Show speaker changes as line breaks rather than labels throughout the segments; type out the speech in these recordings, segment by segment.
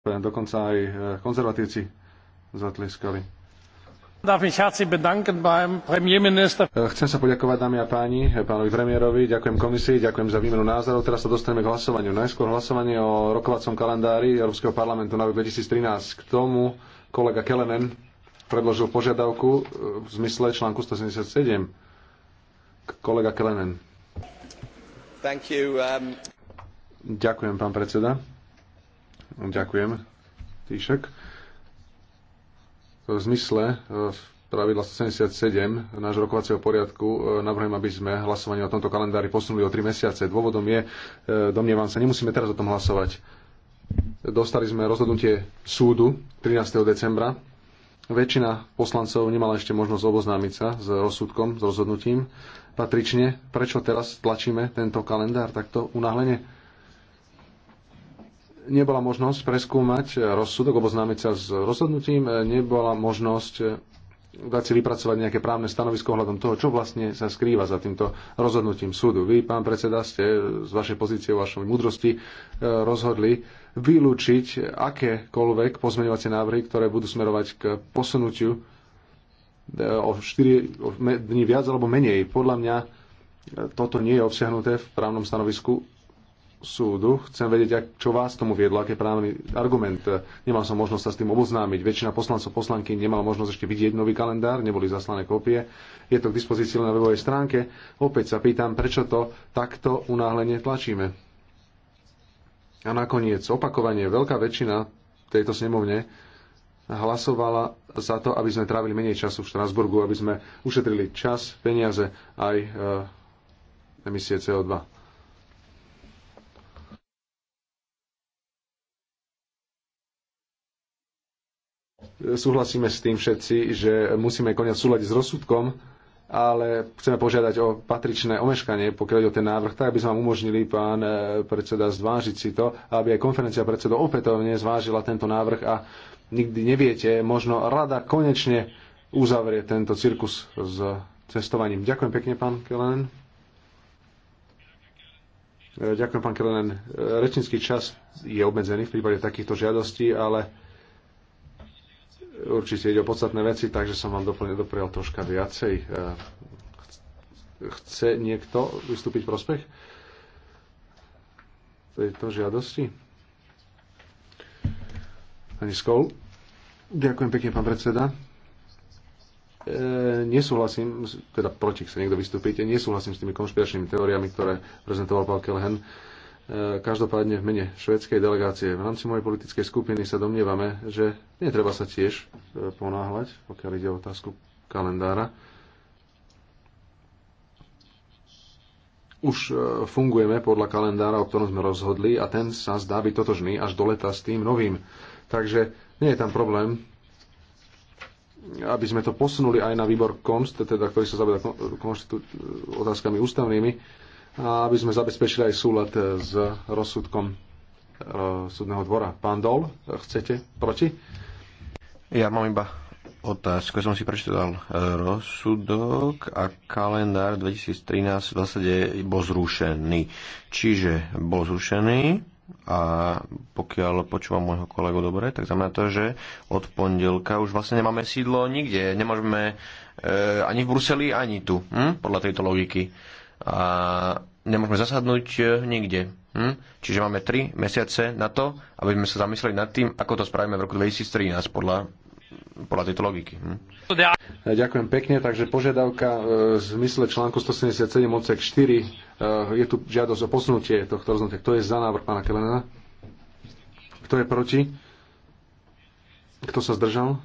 Dokonca aj e, konzervatívci zatlieskali. E, chcem sa poďakovať, dámy a páni, e, pánovi premiérovi, ďakujem komisii, ďakujem za výmenu názorov. Teraz sa dostaneme k hlasovaniu. Najskôr hlasovanie o rokovacom kalendári Európskeho parlamentu na rok 2013. K tomu kolega Kelenen predložil požiadavku v zmysle článku 177. Kolega Kelenen. You, um... Ďakujem, pán predseda. Ďakujem, Týšek. V zmysle v eh, pravidla 77 nášho rokovacieho poriadku eh, navrhujem, aby sme hlasovanie o tomto kalendári posunuli o 3 mesiace. Dôvodom je, eh, domnievam sa, nemusíme teraz o tom hlasovať. Dostali sme rozhodnutie súdu 13. decembra. Väčšina poslancov nemala ešte možnosť oboznámiť sa s rozsudkom, s rozhodnutím patrične. Prečo teraz tlačíme tento kalendár takto unáhlenie? nebola možnosť preskúmať rozsudok, oboznámiť sa s rozhodnutím, e, nebola možnosť e, dať si vypracovať nejaké právne stanovisko ohľadom toho, čo vlastne sa skrýva za týmto rozhodnutím súdu. Vy, pán predseda, ste e, z vašej pozície, vašej múdrosti rozhodli vylúčiť akékoľvek pozmeňovacie návrhy, ktoré budú smerovať k posunutiu o 4 dní viac alebo menej. Podľa mňa toto nie je obsiahnuté v právnom stanovisku súdu. Chcem vedieť, čo vás tomu viedlo, aký právny argument. Nemal som možnosť sa s tým oboznámiť. Väčšina poslancov poslanky nemala možnosť ešte vidieť nový kalendár, neboli zaslané kópie. Je to k dispozícii na webovej stránke. Opäť sa pýtam, prečo to takto unáhlenie tlačíme. A nakoniec opakovanie. Veľká väčšina tejto snemovne hlasovala za to, aby sme trávili menej času v Štrasburgu, aby sme ušetrili čas, peniaze aj eh, emisie CO2. Súhlasíme s tým všetci, že musíme konať súľadiť s rozsudkom, ale chceme požiadať o patričné omeškanie, pokiaľ je o ten návrh, tak aby sme vám umožnili, pán eh, predseda, zvážiť si to, aby aj konferencia predsedov opätovne zvážila tento návrh a nikdy neviete, možno rada konečne uzavrie tento cirkus s cestovaním. Ďakujem pekne, pán Kelen. Eh, ďakujem, pán Kelenen. Eh, rečnícky čas je obmedzený v prípade takýchto žiadostí, ale Určite ide o podstatné veci, takže som vám doplne doprel troška viacej. E, chce niekto vystúpiť prospech tejto žiadosti? Pani Skol. Ďakujem pekne, pán predseda. E, nesúhlasím, teda proti chce niekto vystúpiť, nesúhlasím s tými konšpiračnými teóriami, ktoré prezentoval pán Kelhen. E, E, každopádne v mene švedskej delegácie v rámci mojej politickej skupiny sa domnievame, že netreba sa tiež e, ponáhľať, pokiaľ ide o otázku kalendára. Už e, fungujeme podľa kalendára, o ktorom sme rozhodli a ten sa zdá byť totožný až do leta s tým novým. Takže nie je tam problém, aby sme to posunuli aj na výbor KONST, teda, ktorý sa zaberá otázkami ústavnými, aby sme zabezpečili aj súlad eh, s rozsudkom eh, súdneho dvora. Pán Dol, eh, chcete proti? Ja mám iba otázku. Som si prečítal rozsudok a kalendár 2013 v zásade bol zrušený. Čiže bol zrušený a pokiaľ počúvam môjho kolegu dobre, tak znamená to, že od pondelka už vlastne nemáme sídlo nikde. Nemôžeme e, ani v Bruseli, ani tu. Hm? Podľa tejto logiky. A nemôžeme zasadnúť e, nikde. Hm? Čiže máme 3 mesiace na to, aby sme sa zamysleli nad tým, ako to spravíme v roku 2013 podľa, podľa tejto logiky. Hm? E, ďakujem pekne, takže požiadavka e, v zmysle článku 177 odsek 4 je tu žiadosť o posunutie tohto rozhodnutia. Kto je za návrh pána Kelena? Kto je proti? Kto sa zdržal?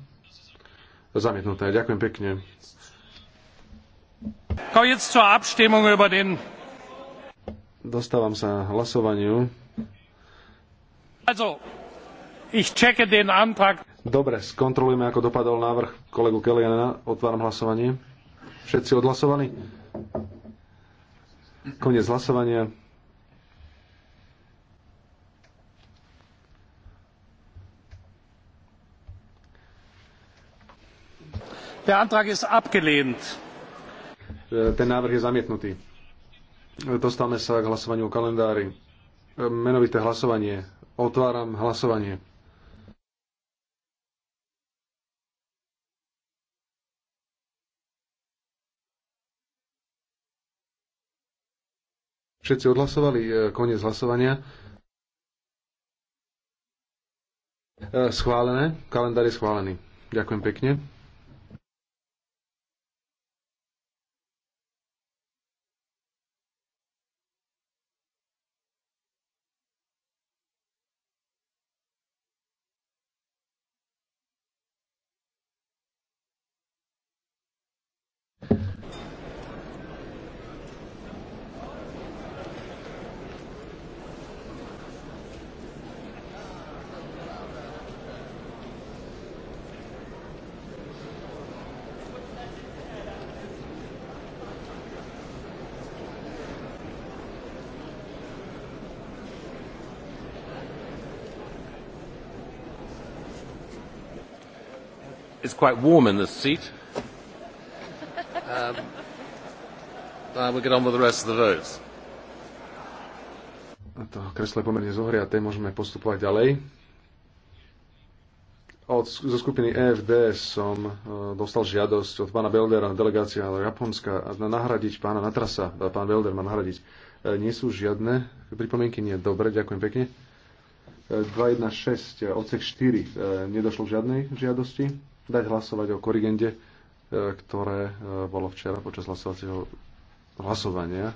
Zamietnuté. Ďakujem pekne. Jetzt zur Abstimmung über den Dostávam sa hlasovaniu. Also, ich checke den Antrag. Dobre, skontrolujeme, ako dopadol návrh kolegu Keliana. Otváram hlasovanie. Všetci odhlasovali? Koniec hlasovania. Der Antrag ist abgelehnt. Ten návrh je zamietnutý. Dostávame sa k hlasovaniu o kalendári. Menovité hlasovanie. Otváram hlasovanie. Všetci odhlasovali e, koniec hlasovania. E, schválené. Kalendár je schválený. Ďakujem pekne. it's quite warm in this seat. Um, uh, we'll get on with the rest of the votes. To kreslo je pomerne zohriaté, môžeme postupovať ďalej. Od, zo skupiny EFD som e, dostal žiadosť od pána Beldera, delegácia Japonska, na nahradiť pána Natrasa. E, pán Belder má nahradiť. E, nie sú žiadne pripomienky? Nie. Dobre, ďakujem pekne. 216, e, e, odsek 4, nedošlo k žiadnej žiadosti dať hlasovať o korigende, e, ktoré e, bolo včera počas hlasovacieho hlasovania